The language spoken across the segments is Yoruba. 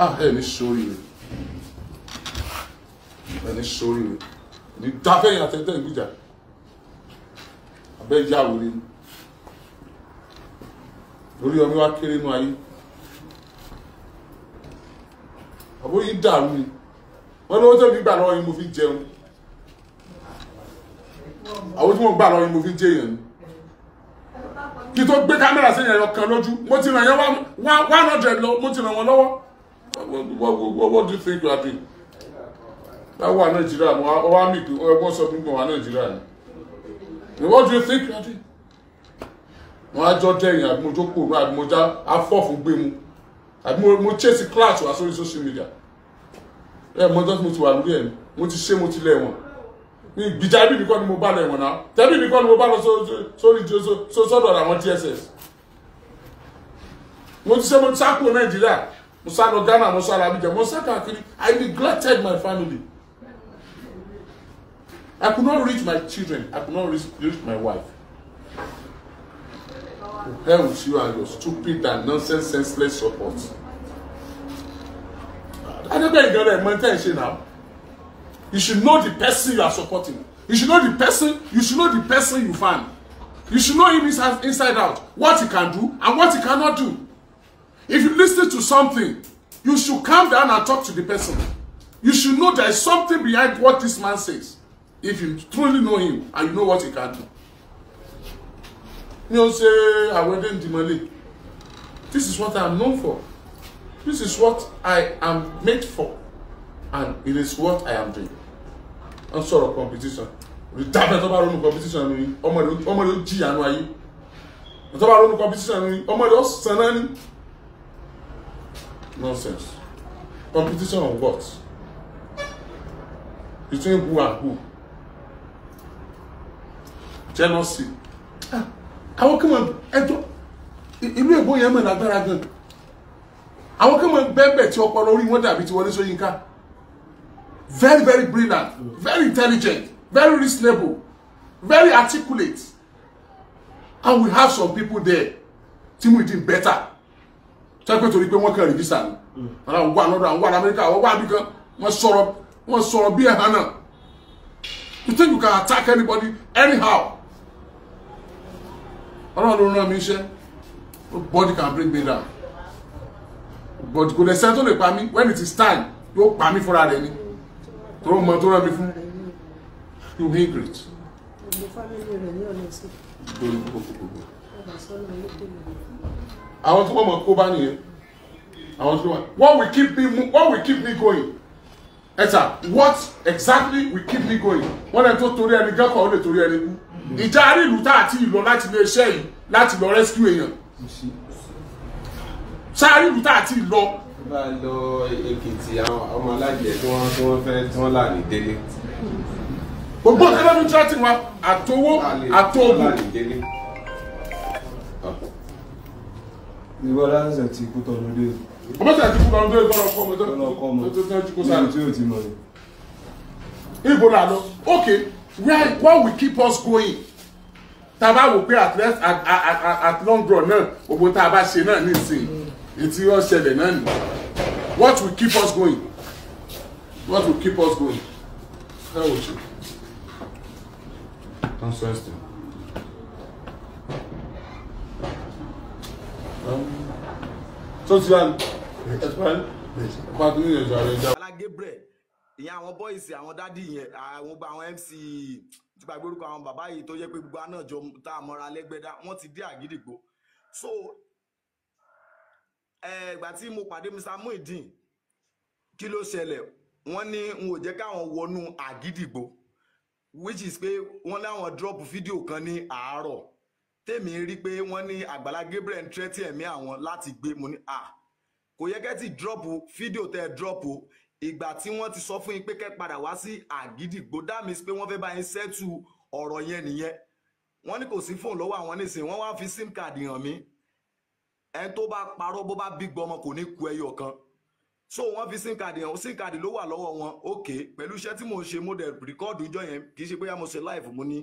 Ah, ẹ ní sórí rẹ ẹ ní sórí rẹ ní dáfẹ́yìn àtẹ́tẹ́ ìgbìjà abẹ́ yàwó rẹ lórí ọmọ wa kéré nú ayé àbúrò yìí dàrú ni wọn ní owó tó fi gbà lọ́wọ́ yìí mo fi jẹun àwọn tí mo gbà lọ́wọ́ yìí mo fi jẹyàn ni kí tó gbé kámẹ́rà sí ìyẹn lọ kan lójú mo ti ràn yẹn one hundred lọ mo ti ràn wọn lọ́wọ́ what, what, what, what do you think you are doing? Táwọn wà Nàìjíríà mo wá mí pé ọgbọ́n sọ fún mi wà Nàìjíríà ni. Ni what do you think you are doing? Mo á jọ dẹ́yìn àbí mo jókòó nù àbí mo já afọ́fún gbé mu àbí mo chase class wá sórí social media. Ẹ mo jọ́ mo ti wà lórí ẹ̀ ni mo ti ṣe mo ti lẹ̀ wọ̀n. Ní ìgbìjà ibi nìkan ni mo bá lẹ̀ wọ̀n náà. Tẹ́bí nìkan ni mo bá lọ sórí sọ́dọ̀ àwọn DSS. Mo ti ṣe mo ti sá kúrò Nàìjíríà. Musa sá lọ ghana Musa sá abidjan mo sá i neglected my family i could not reach my children i could not reach, reach my wife to hell with you and your stupid and nonsense senseless support adébẹ̀yìn gan rẹ̀ mọ tẹ́ ẹ̀ maintain now. you should know the person you are supporting you should know the person you should know the person you find. you should know him inside, inside out what he can do and what he cannot do. If you listen to something, you should calm down and talk to the person. You should know there is something behind what this man says. If you truly know him and you know what he can do. You know, say, I ah, went in Dimale. This is what I am known for. This is what I am made for. And it is what I am doing. I'm sort of competition. Retirement of our own competition. Ọmọ rẹ̀ ó jìyà nù ayé. Ọmọ competition. Ọmọ rẹ̀ Nonsense. Competition on what? Between who and who? Jealousy. Ah, àwọn kan máa ẹjọ́ ìlú èbó yẹn mọ̀ lágbára gan. Àwọn kan máa bẹ́ẹ̀bẹ̀ tí ọpọlọ orí wọn dàbí ti Wọlé Ṣóyínká. Very very brilliant, very intelligent, very reasonable, very articulate. And we have some people there tí mo dín better tẹ́pẹ́ torí pé wọ́n kàn rí ni àwọn mm. wà lọ́dọ̀ àwọn wà ní amẹ́ríkà àwọn wà nìkan wọ́n sọ̀rọ̀ wọ́n sọ̀rọ̀ bí ẹ̀hán náà you think you can attack anybody anyhow ọlọ́run ló rán mi iṣẹ́ body can bring me down but kò lè sẹ́ni tó lè pa mí when it is time yóò pa mí fúnra rẹ̀ ni tó mọ tó rán mi fún you hear great. gbogbo family rẹ̀ ní ọ̀nà sí. gbogbo gbogbo gbogbo àwọn tí wọ́n mọ̀ kó bá I want to go. what will keep me what will keep me going ẹ̀sà what exactly will keep me going wọ́n lẹ́nu tó torí ẹni gẹ́kọ̀ọ́ ó lè torí ẹni kú ìjà àárín ìlú tá àti ìlọ láti lè ṣẹ́ yìí láti lọ rescue èèyàn sáárì ìlú tá àti ìlọ. tó bá lọ èkìtì àwọn ọmọ alájẹ tí wọ́n tí wọ́n fẹ́ tí wọ́n là gbogbo nǹkan lẹ́nu tí wọ́n ti wá àtowó ìwọ lásìsẹ ti kú tọnu dé. ọmọ tí ti kú tọnu dé tọrọ kọ ọmọ tó tó tó ti kú sáré. ibi tí o ti ibo la lọ okay where what will keep us going tá a bá wò pé at least at at at long run náà gbogbo tá a bá ṣe náà nísìnyí ètí yóò ṣẹlẹ̀ náà ni what will keep us going what will keep us going. Tell what you. Don't stress them. tó ti wá ẹ̀sìpẹ́ẹ́lì ọ̀pá tó ní ìrìnàjò ààrẹ ìjà. Bala Gabriel ìyẹn àwọn bọ́ìsì àwọn dádì yẹn àwọn gba àwọn mc ti gbàgbé orúkọ àwọn bàbá yìí tó yẹ pé gbogbo àná jọ tá a mọra lẹ́gbẹ́dá wọ́n ti dé àgídìgbò so ìgbà tí mo pàdé Mr Muideen kí ló ṣẹlẹ̀ wọ́n ní n ò jẹ́ káwọn wọnú àgídìgbò which is pé wọ́n láwọn drop fídíò kan ní àárọ̀ tèmi rí pé wọ́n ní Àgbàlá Gabriel ń tẹ́tí ẹ̀mí àwọn láti gbé mo ní à kò yẹ kẹ́ ti dírọ́pù fídíò tẹ́ ẹ dírọ́pù ìgbà tí wọ́n ti sọ fún yín pé kẹ́ padà wá sí Àgídìgbò dáàmì pé wọ́n fẹ́ bá yín sẹ́tù ọ̀rọ̀ yẹn nìyẹn wọ́n ní kò sí fóònù lọ́wọ́ àwọn nísìnyí wọ́n wá fi sim card hàn mí ẹni tó bá parọ́ bó bá bí gbọmọ kò ní ku ẹyọ kan so wọ́n fi sim card hàn sim card ló wà lọ́wọ́ wọn ok pẹ̀lú iṣẹ́ tí mò ń ṣe mo dẹ̀ rìkọ́ọ̀dù ìjọ yẹn kì í ṣe bóyá mo ṣe live mo ní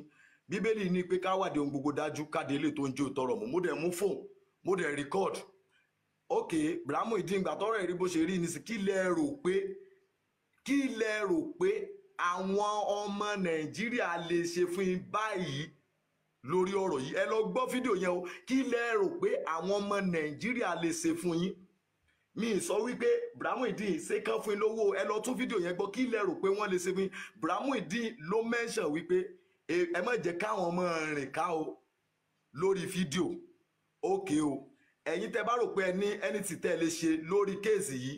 bíbélì ní pé ká wádìí ohun gbogbo dájú káde ilé tó ń jó tọrọ mọ́ mo dẹ̀ mú fóònù mo dẹ̀ record ok brahamu ìdíngbà tọrọ ẹ̀rí bó ṣe rí ní sí kí lẹ rò pé kí lẹ rò pé àwọn ọmọ nàìjíríà lè ṣe fún yín báyìí lórí ọ̀rọ̀ yìí ẹ lọ gbọ́ fídíò yẹn o kí lẹ rò pé àwọn ọmọ nàìjíríà lè ṣe fún yín mi sọ wípé Bramuideen ṣe kán fún yín lówó ẹ lọ tún fídíò yẹn gbọ́ kí lẹ rò pé wọ́n lè ṣe fún yín Bramuideen ló mention wípé ẹ má jẹ́ káwọn ọmọ rìn ká o lórí fídíò ókè o ẹ̀yin tẹ́ bá rò pé ẹ ní ẹni tí tẹ́ lè ṣe lórí kéèsì yìí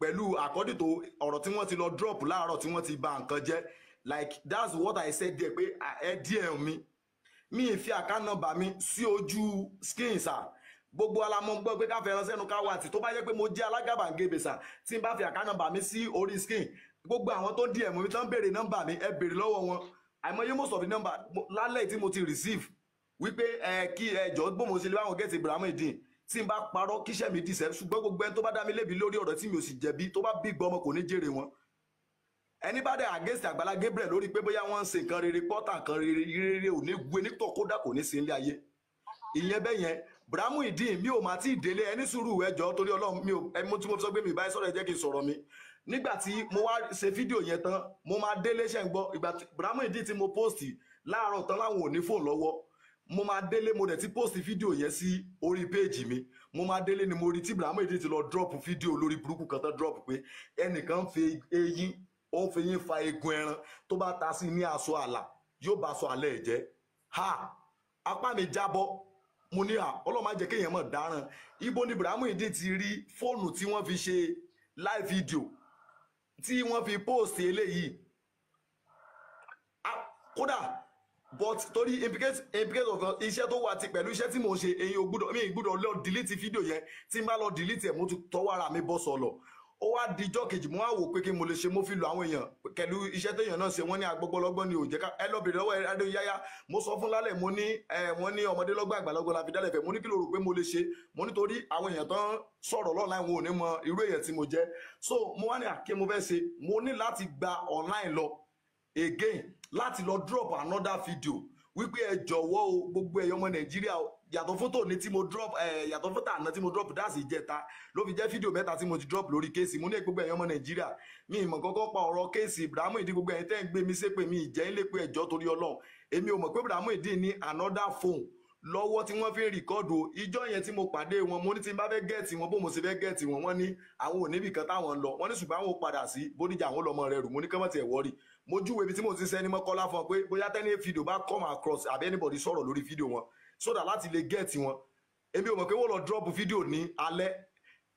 pẹ̀lú àkọ́dì tó ọ̀rọ̀ tí wọ́n ti lọ drop láàárọ̀ tí wọ́n ti bà nǹkan jẹ́ like that's what I said there pé ẹ díẹ̀ mi mi ì fi account number mi sí ojú skin, sir gbogbo alamọ gbọ́ pé káfẹ́ ránṣẹ́ nu ká wà tí tó bá jẹ́ pé mo jẹ́ alágàbàǹgebè sà tí n bá fi account number mi sí orí screen gbogbo àwọn tó díẹ̀ mú mi tán béèrè nọ́mbà mi ẹ béèrè lọ́wọ́ wọn àìmọye most of the number lálẹ́ tí mo ti receive wípé ẹ kí ẹ jọ gbọ́n mo ṣe lè báwọn gẹ́tì ibrahim dín tí n bá parọ́ kíṣẹ́ mi dìṣẹ́ ṣùgbọ́n gbogbo ẹni tó bá dá mi lébi lórí ọ̀rọ̀ tí mi ò sì jẹ̀bi tó bá bí gbọ́ ọmọ kò ní jèrè wọn ẹni bá dẹ̀ against Àgbàlá Gabriel lórí pé bóyá wọ́n ń ṣe nǹkan rere pọ́tà nǹkan rere rere ò ní gbé nítọ̀ kódà kò ní sí ilé ayé ìyẹn bẹ́ẹ̀ yẹn Bramuideen mi ò máa tí ì délé ẹni sùúrù ẹjọ́ torí Ọlọ́run mi ò ẹmu tí mo fi sọ pé mi ì sọ̀rọ̀ ẹ jẹ́ kí n sọ̀rọ̀ mi nígbà tí mo wá ṣe fídíò yẹn tán mo máa délé ṣẹ́ ń gbọ́ ìgbà Bùrámù ìdí tí mo póòsì láàárọ̀ tán láwọn ò ní fóònù lọ́wọ́ mo máa délé mo dẹ̀ ti post fídíò yẹn sí orí péèjì mi mo máa délé ni mo rí tí Bùrámù èdè ti lọ drop fídíò lórí burúkú kan tán drop pé ẹnìkan fi eyín ó ń fi eyín fa eegun ẹran tó bá ta sí ní aṣọ àlà yóò bá aṣọ àlà ẹ̀ jẹ́ ha apá mi jábọ́ mo ní à ọlọ́run má jẹ́ kéèyàn mọ̀ dáràn ibo ni Bùrámù èdè ti rí fóònù tí wọ́n fi ṣe live video tí wọ́n fi post eléyìí ah, kódà but torí implicate implicate of iṣẹ́ tó wà ti pẹ̀lú iṣẹ́ tí mò ń ṣe èyí ò mi gbúdọ̀ lọ delete fídíò yẹn tí n bá lọ delete ẹ̀ mo ti tọwọ́ ara mi bọ́ sọ̀lọ̀ ó wá dijọ́ kejì mo wá pé kí mo lè ṣe mo fi lọ àwọn èèyàn pẹ̀lú iṣẹ́ téèyàn náà ṣe wọ́n ní agbọ́gbọ́lọ́gbọ́n ni ò jẹ́ ká ẹ lọ bèrè lọ́wọ́ ẹ̀rọ yáyá mo sọ fún lálẹ́ mo ní wọ́n ní ọmọdé lọ́gbọ́n àgbàlagbọ́n la dálẹ̀ fẹ́ mo ní kí ló rò pé mo lè ṣe mo nítorí àwọn èèyàn tán sọ̀rọ̀ lọ́la ìwọ̀n ò ní mọ irú èèyàn tí mo jẹ́ so mo wá ní àké mo fẹ́ ṣe mo ní láti gba online lọ again láti lọ drop another video wípé ẹ jọ̀wọ́ o gbogbo ẹ̀yọ́ ọmọ Nàìjíríà yàtọ̀ fótó ní tí mo drop eh, yàtọ̀ fótó àná tí mo drop dáàsì ìjẹta ló fi jẹ́ fídíò mẹ́ta tí mo ti drop lórí kéèsì mo ní gbogbo ẹ̀yàn ọmọ nàìjíríà mi ìmọ̀ kọ́kọ́ pa ọ̀rọ̀ kéèsì Ibrahimudeen gbogbo ẹ̀yìn tẹ́ ń gbé mi sépè mi ìjẹ́ ń lè pe ẹ̀jọ́ torí ọlọ́run èmi ò mọ̀ pé Ibrahimudeen ní another phone lọ́wọ́ tí wọ́n fi ń rìkọ́dù ìjọ yẹn tí mo pàdé wọn mo ní tí n bá fẹ́ gẹ̀ẹ́tì wọn bó mo ṣe fẹ́ gẹ̀ẹ́tì wọn wọ́n ní àwọn ò níbì kan táwọn ń lọ wọ́n ní ṣùgbọ́n àwọn ò padà sí bódìjà àwọn ọlọmọ rẹ rù mo ní kí wọ́n tiẹ̀ wọ́ọ̀rì mo júwèé ibi tí mo ti sẹ́ni mọ́ kọ́lá fún ọ pé bóyá tẹ́ni fídíò bá come across àbí anybody sọ̀rọ̀ lórí fídíò wọn sódà láti lè gẹ́ẹ̀tì wọn èmi ò mọ̀ pé wọ́n lọ drop fídíò ní alẹ́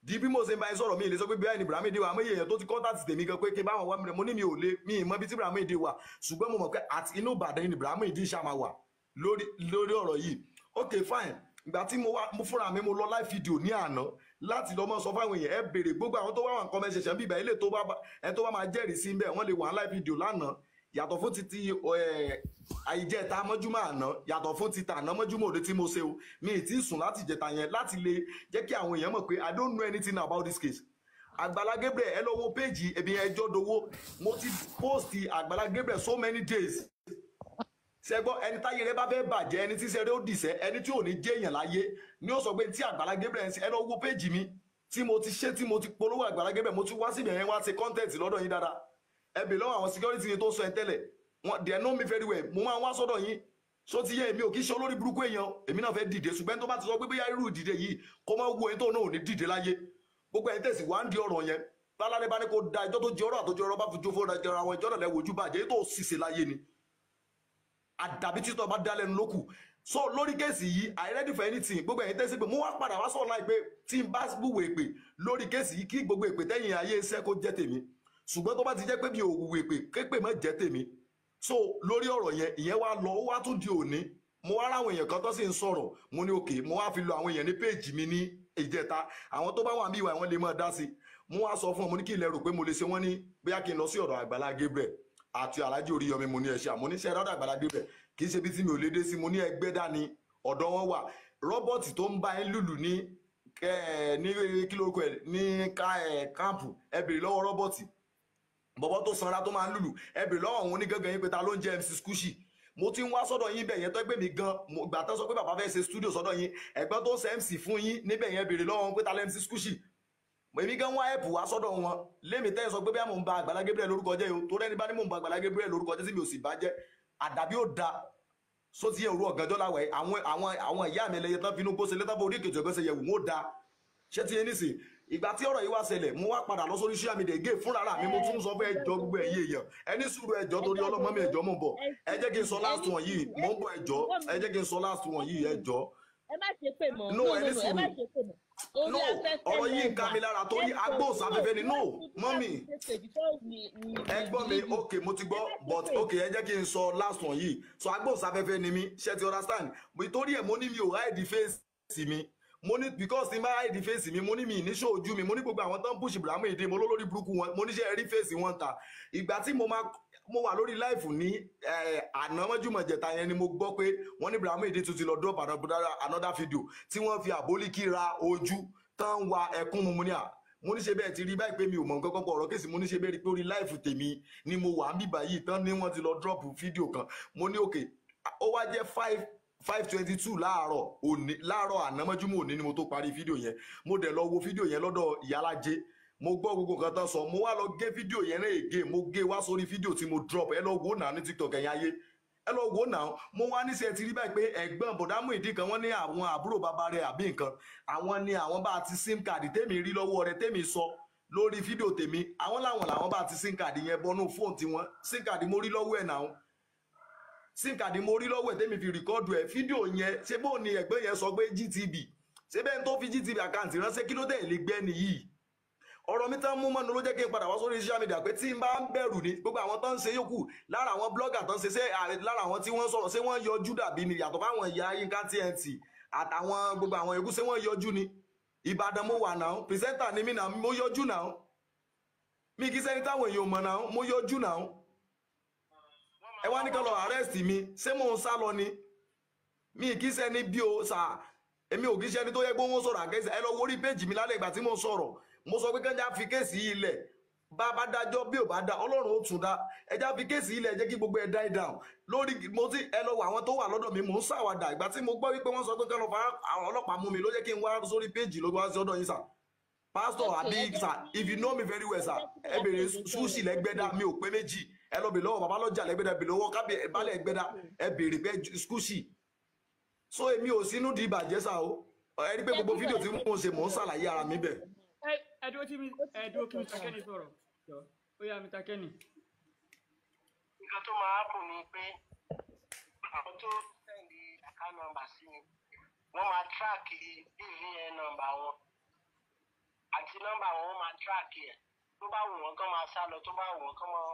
di bí mo ṣe ń bá yín sọ̀rọ̀ mi lè sọ pé bí ẹni Bùrámídé wà àmọ́yé èèyàn tó ti kọ́ńtàtì tèmi gan pé kí n bá wọn wá mo ní mi ò lè mi ì mọ bí tí Bùrámídé wà ṣùgbọ́n mo mọ̀ pé àti inú Ìbàdàn ni Bùrámídé ṣàmà wà lórí lórí ọ̀rọ̀ yìí ok fine ìgbà tí mo wá mo fúnra mi mo lọ live video ní àná láti lọ mọ sọ fáwọn èèyàn ẹ béèrè gbogbo àwọn tó wá wọn kọ́ mẹ́sẹ̀sẹ̀ bíbẹ̀ ilé tó bá máa jẹ́rìí sí bẹ́ẹ̀ wọ́n lè wà live video lánàá yàtọ̀ fún títí eh, àìjẹta mọ́júmọ́ àná yàtọ̀ fún títà àná mọ́júmọ́ òde tí mo ṣe o mi ì tí sùn láti jẹta yẹn láti lè jẹ́ kí àwọn èèyàn mọ̀ pé i don't know anything about this case Àgbàlá Gabriel ẹ lọ wo péjì ẹbí ẹjọ́ dowó mo ti post Àgbàlá Gabriel so many days sẹgbọ́ ẹni táyé rẹ bá fẹ́ bàjẹ́ ẹni tí sẹ́rẹ́ ó dìsẹ́ ẹni tí ò ní jẹ́yàn láyé ni ó sọ pé tí Àgbàlá Gabriel ẹ lọ wo péjì mi tí mo ti ṣe tí mo ti polówó Àgbàlá Gabriel mo ti wá síbẹ̀ yẹn wá ṣe kọ́ńtẹ́ǹtì lọ́dọ̀ yín dáadáa ẹ bè lọ́wọ́ àwọn security ni tó sọ ẹ tẹ́lẹ̀ they know me very well mo máa ń wá sọ́dọ̀ yín so ti yẹ èmi ò kí ṣe olórí burúkú èèyàn èmi náà fẹ́ dìde ṣùgbọ́n tó bá ti sọ pé bóyá irú ìdìde yìí kó máa wo ẹni tó náà ò ní dìde láyé gbogbo ẹni tẹ̀sí wá ń di ọ̀rọ̀ yẹn lálẹ́ bá ní kó da ẹjọ́ tó jẹ ọ̀rọ̀ àtọ́jọ́ ọ̀rọ̀ bá fi jó fún ọ̀rọ̀ àwọn ìjọ́rọ̀ lẹ́wọ̀ ojú bàjẹ́ tó ṣìṣe láyé ni àdàbí títọ́ bá dá lẹ́nu lókù so lórí kéèsì yìí i ready for anything gbogbo ẹ̀yin tẹ́sí pé mo wá padà wá sọ̀rọ̀ láì pé tí n bá gbúwò èpè lórí kéèsì yìí kí gbogbo èpè tẹ́yìn ayé iṣẹ́ kó jẹ́ tèmi ṣùgbọ́n tó bá ti jẹ́ pé mi ò wù èpè képè jẹ́ tèmi so lórí ọ̀rọ̀ yẹn ìyẹn wá lọ ó wá tún di òní mo wá ráwọn èèyàn kan tó sì ń sọ̀rọ̀ mo ní òkè mo wá fi lo àwọn èèyàn ní péèjì mi ní ìjẹta àwọn tó bá wà níbí ìwà wọn lè máa dá sí mo wá sọ fún ọ mo ní kí ilẹ̀ rò pé mo lè ṣe wọ́n ní bóyá kí n lọ sí ọ̀dọ̀ Àgbàlá Gabriel àti Alhaji Oríyọmí mo ní ẹ̀ṣẹ̀ àmọ́ oníṣẹ́ ẹ̀rọ Àgbàlá Gabriel kì í ṣe bí tí mi ò lè dé sí mo ní ẹgbẹ́ dání ọ̀dọ̀ wọn wà rọ́bọ̀tì tó ń bá ẹ lùlù ní ní kí ẹ ní káàmpù ẹ bèrè lọ́wọ́ rọ́bọ̀tì bọ́bọ́ tó sanra tó máa ń lùlù ẹbí lọ́wọ́ òun ní gangan yín pé ta ló ń jẹ́ MC Skushi mo ti ń wá sọ́dọ̀ yín bẹ̀ tó gbé mi gan gbà tán sọ pé bàbá fẹ́ ṣe studio sọ́dọ̀ yín ẹ̀gbọ́n tó ń ṣe MC fún yín níbẹ̀ yẹn béèrè lọ́wọ́ pé ta lẹ́ MC Skushi èmi gan wá ẹ̀pù wá sọ́dọ̀ wọn lémi tẹ́ sọ pé bí mò ń ba Àgbàlá Gabriel lórúkọ jẹ́ o tó rẹ́ni bá ní mò ń ba Àgbàlá Gabriel lórúkọ jẹ́ sí mi ò sì bá jẹ́ àdàbí ò da só ti yẹ òru ọ̀gànjọ́ láwẹ̀ àwọn àwọn ìyá mi ẹlẹ́yẹ tán finú gbóṣe létọ́ bó orí ìkejì ọ̀gọ́sẹ̀ yẹ̀wù wọn da ṣé ti yẹ nísìnyí ìgbà tí ọ̀rọ̀ yìí wá ṣẹlẹ̀ mo wá padà lọ sórí social media again fúnra mi mo tún sọ fún ẹjọ́ gbogbo ẹ̀yẹ èèyàn ẹni sùúrù ẹjọ́ torí ọlọ́mọ mi ẹjọ́ mọ̀ bọ̀ ẹ jẹ́ kí n sọ last one yìí mo ń bọ̀ ẹjọ́ ẹ jẹ́ kí n sọ last one yìí ẹjọ́. ẹ má ṣe pè mọ́ no ẹni sùúrù no ọ̀rọ̀ yìí ń ká mi lára torí agbóhùnsáfẹ́fẹ́ ni no mọ́mì ẹ gbọ́ mi ok mo ti gbọ́ but ok ẹ jẹ́ kí n sọ last one yìí so agbóhùnsáfẹ́fẹ́ ni mi ṣe ti understand torí ẹ̀ mo ní mi ò hide the face mi mo ní because ní máa ìdí fèsì mi mo ní mi ìníṣó ojú mi mo ní gbogbo àwọn tó ń push Ibrahim ìdí mo lólórí burúkú wọn mo níṣẹ́ rí fèsì wọn ta ìgbà tí mo máa mo wà lórí láìfù ní eh, àná mọ́júmọ̀jẹ̀ta yẹn ni mo gbọ́ pé wọ́n ní Ibrahim ìdí tún lọ drop another video tí wọ́n fi àbólíkì ra ojú tán wa ẹkún mu ní à mo ní ṣe bẹ́ẹ̀ ti rí báyìí pé mi ò mọ̀ nǹkan kan pọ̀ ọ̀rọ̀ kèsì mo ní ṣe bẹ́ẹ̀ rí pé orí láìfù tèmi ni mo wà ń bíbà yìí tán ni wọ́n ti lọ drop video. kan mo ní òkè ó wá jẹ́ five five twenty two láàárọ̀ òní láàárọ̀ ànámọ́júmọ́ òní ni mo tó parí fídíò yẹn mo dẹ̀ lọ wo fídíò yẹn lọ́dọ̀ ìyálájé mo gbọ́ gbogbo nǹkan tán sọ mo wá lọ gé fídíò yẹn náà ègé mo gé wá sórí fídíò tí mo drop ẹ lọ wò náà ní tiktok ẹ̀yìn ayé ẹ lọ wò náà mo wá níṣẹ́ ti rí báyìí pé ẹ̀gbọ́n bọ̀dámù ìdí kan wọ́n ní àwọn àbúrò bàbá rẹ̀ àbí nǹkan àwọn ni àwọn bá ti sim káàdì tèmi rí lọ́wọ́ rẹ̀ tèmi sọ lórí fídíò tèmi àwọn làwọn làwọn bá ti sim káàdì yẹn bọnú fóònù tiwọn sim káàdì mo rí lọ́wọ́ ẹ̀ náà sim card mo rí lọ́wọ́ ẹ̀ tẹ́mi fi rìkọ́ọ̀dù ẹ̀ fídíò yẹn ṣé bóun ni ẹ̀gbẹ́ yẹn sọ pé GTB ṣé bẹ́ẹ̀ tó fi GTB àkáǹtì ránṣẹ́ kí ló dẹ̀ lè gbẹ́ nìyí ọ̀rọ̀ mi tán mú mọ́nu ló jẹ́ kí n padà wá sórí social media pé tí n bá ń bẹ̀rù ni gbogbo àwọn tó ń ṣe yòókù lára àwọn blogger tó ń ṣe ṣe lára àwọn tí wọ́n sọ̀rọ̀ ṣé wọ́n yọjú dàbí ni yàtọ̀ fáwọn ìyá Yínká TNT àtàwọn gbogbo àwọn yòókù ṣé wọ́n yọjú ni Ìbàdàn mo wà náà pìrìsẹ́ńtà ni mí náà mo yọjú náà mi kì í sẹ́ni táwọn èèyàn mọ̀ náà mo yọjú náà ẹ wá ní kán arrest mi ṣé mò ń sá lọ ni mi kì í ṣẹni bí o sà èmi ò kì í ṣẹni tó yẹ pé wọ́n sọ̀rọ̀ àkẹ́sì ẹ lọ wórí péjì mi lálẹ́ ìgbà tí mo sọ̀rọ̀ mo sọ pé kánjá fi kéèsì yìí lẹ̀ bá a bá dájọ́ bí ò bá dá ọlọ́run ó tún dá ẹja fi kéèsì ilẹ̀ jẹ́ kí gbogbo ẹ̀ die down lórí mo ti ẹ lọ wọ àwọn tó wà lọ́dọ̀ mi mò ń ṣàwàdà ìgbà tí mo gbọ́ wípé wọ́n sọ pé kí wọ́n fa àwọn ọlọ́pàá mú mi ló jẹ́ kí n wá sórí péjì ló wá sí ọ̀dọ̀ yín sà pásítọ̀ àbí sà if you know me very well sà ẹ bèrè ṣúṣì lẹ́gbẹ́dá mi ò pé méjì ẹ lọ bèrè lọ́wọ́ bàbá lọ́jà lẹ́gbẹ̀dá bèrè lọ́wọ́ kábí ìbálẹ̀ ẹgbẹ́dá ẹ bèrè pé skúsì so èmi ò sínú di ìbàjẹ́ sá o ẹ rí pé gbogbo fídíò tí mo ṣe mò ń ṣàlàyé ara mi bẹ̀. ẹ dúró kí mi ẹ dúró kí mi takẹ́ni sọ̀rọ̀ ó yá mi takẹ́ni. nǹkan tó máa kù ni pé àwọn tó sẹ́ndì àká nọ́mbà sí mi wọ́n máa tíráàkì bvn nọ́mbà wọn àti nọ́mbà wọn wọ́n máa tíráàkì ẹ̀ tó bá wù wọ́n kán máa sá lọ tó bá wù wọ́n kán máa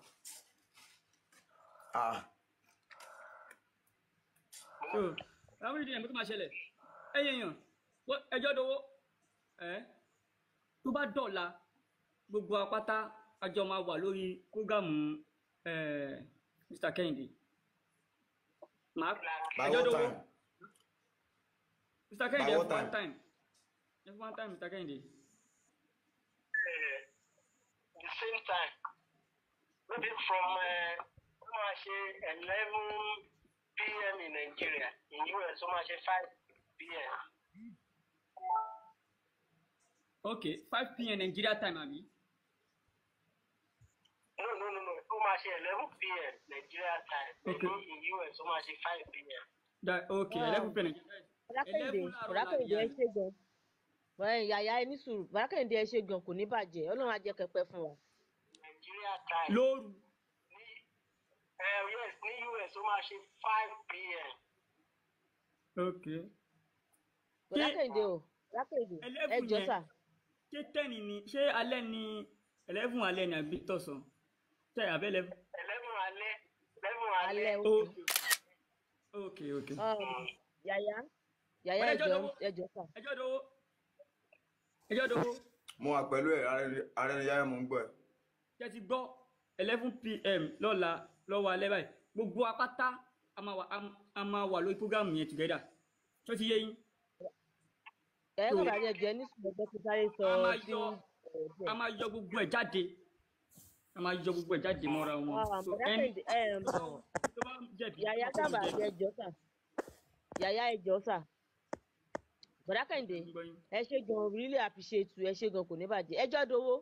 láwọn ìdílé ẹ̀mí tó máa ṣẹlẹ̀ ẹ̀yìn èèyàn ẹjọ́ dowó ẹ̀ tó bá dọ̀la gbogbo apáta àjọ máa wà lórí prógámù Mr. Kẹ́hìndé màá ẹjọ́ dowó Mr. Kẹ́hìndé f one time f one time Mr. Kẹ́hìndé. Uh, the same time, maybe from. Uh, máa ṣe eleven pm in Nigeria in US ó máa ṣe five pm. ok five pm Nigeria time Abi. no no no no ó máa ṣe eleven pm Nigeria time okay. in US ó máa ṣe five pm. that ok eleven pm Nigeria. Bàrákàndé Bàrákàndé ẹ ṣe gan yàyà ẹ ní sùúrù Bàrákàndé ẹ ṣe gan kò ní bàjẹ́ Ọlọ́run á jẹ́ kẹpẹ́ fún wa. Nigeria time. lóru. Uh, yes, ní US ó máa ṣe five pm. ok. lákèdè o lákèdè ẹ jọ sà. ṣé ten ni ṣé alẹ́ ni eleven alẹ́ ni àbí tọ̀sán tẹ̀ abẹ́ eleven. eleven alẹ́ eleven alẹ́. ok ok. yàyà um, Yaya? ẹjọ sà. ẹjọ́ dowó ẹjọ́ dowó. mo wà pẹ̀lú ẹ̀ arẹ́niyáyà mo ń gbọ́ ẹ̀. ṣé ti gbọ́ eleven pm lọ́la lọ́wọ́ alẹ́ báyìí gbogbo apáta a máa wà lórí programu yẹn together tó ti yé yín. ẹ ẹ kọ́ra yẹn jẹ ní sùgbọ́n tó sáré sọ tí a máa yọ gbogbo ẹ̀ jáde a máa yọ gbogbo ẹ̀ jáde mọ́ra wọn. Ah, yàyà eh, sábà jẹ jọ́sà yàyà ẹ jọ́sà bọ̀dá kẹ́hìndé ẹ ṣe gan really appreciate you ẹ ṣe gan kò ní bàjẹ́ ẹjọ́ dowó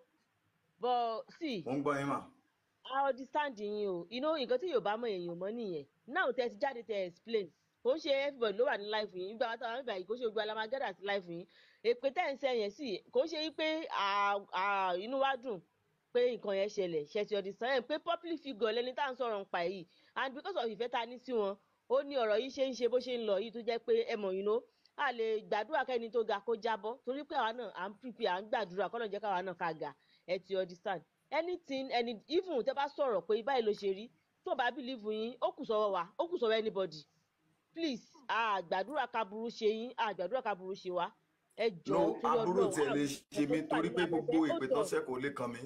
bọ̀ sí. mo ń gbọ́ yín mà. I understand yín o you know nǹkan tí Yorùbá mọ̀ èèyàn mọ̀ nìyẹn now tẹ́ ti jáde tẹ́ explain kò ń ṣe everybody ló wà ní life yìí nígbà táwọn àgbà yìí kò ṣe gbogbo alamá gẹ́dà sí life yìí èpè tẹ́ ń sẹ́ yẹn sì kò ń ṣe wípé inú wa dùn pé nǹkan yẹn ṣẹlẹ̀ ṣẹ̀ṣẹ̀ ọ̀dì sàn yẹn pé public figure lẹni tá à ń sọ̀rọ̀ ń pa yìí and because of ìfẹ́ ta ní sí wọn ó ní ọ̀rọ̀ yìí ṣe ń ṣe bó ṣe ń lọ yìí tó jẹ́ pé ẹ mọ̀ yìí know a lè gbàdúrà kẹ́ni tó ga kó jábọ́ torí pé àwa náà à ń prepare à ń gbàdúrà kọ́nà jẹ́ káwa náà ká ga ẹ ti understand anything any even tẹ́ bá sọ̀rọ̀ pé báyìí ló ṣe rí tó bá believe yín ó kù sọ̀rọ̀ wa ó kù sọ̀rọ̀ anybody please àgbàdúrà kaburú ṣe yín àgbàdúrà kaburú ṣe wa ẹ jọ tó yọ lọ àbúrò tẹ lè ṣe mi torí pé gbogbo ìpè tán ṣe kò lè kàn mí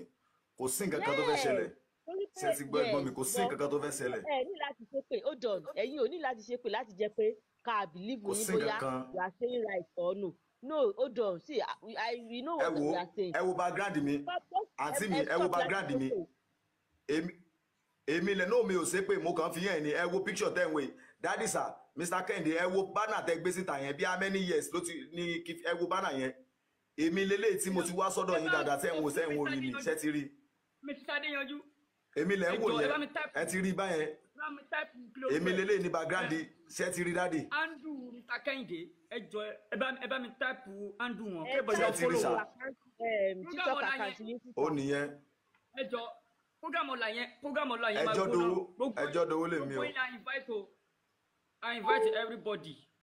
kò sí nǹkan kan tó fẹ́ ṣẹlẹ̀ ṣe ti gbọ́ ẹ̀gbọ́n mi kò sí nǹkan kan tó fẹ́ ṣẹlẹ̀. ẹ ní láti ṣe pé ó dọ̀nù ẹ̀yin ò ní láti ṣe pé láti jẹ́ pé ká believe yín bóyá you are saying right or no no hold on see i, I we know what we are saying. ẹ wo background mi àǹtí mi ẹ wo background mi èmi èmi lẹ náà mi ò ṣe pé mo kàn fi yẹn ni ẹ wo picture tẹ̀ ń wé dadi sir mr kehinde ẹ wo banner tẹ gbé síta yẹn bí how many years ló ti ní kí ẹ wo banner yẹn èmi lélẹ́yìí tí mo ti wá sọ́dọ̀ yín dáadáa tẹ̀ ń wo sẹ́yìn wo rí mi ṣẹ́ ti rí. mi ti sáré yanjú. èmi lẹ ń wò yẹn ẹ ti rí báyẹn èmi lélẹ́yìn ní bagandi eh, ṣe rí dáàdì. andu mr ẹ jọ ẹ bá mi táìpù andu wọn. Eh, ẹ jọ fọlọ títọ́ kàkà ó nìyẹn. ẹ jọ program ọ̀la yẹn program ọ̀la yẹn máa gbóná. ẹ jọ dowó lè mi o. gbogbo yín i invite everybody.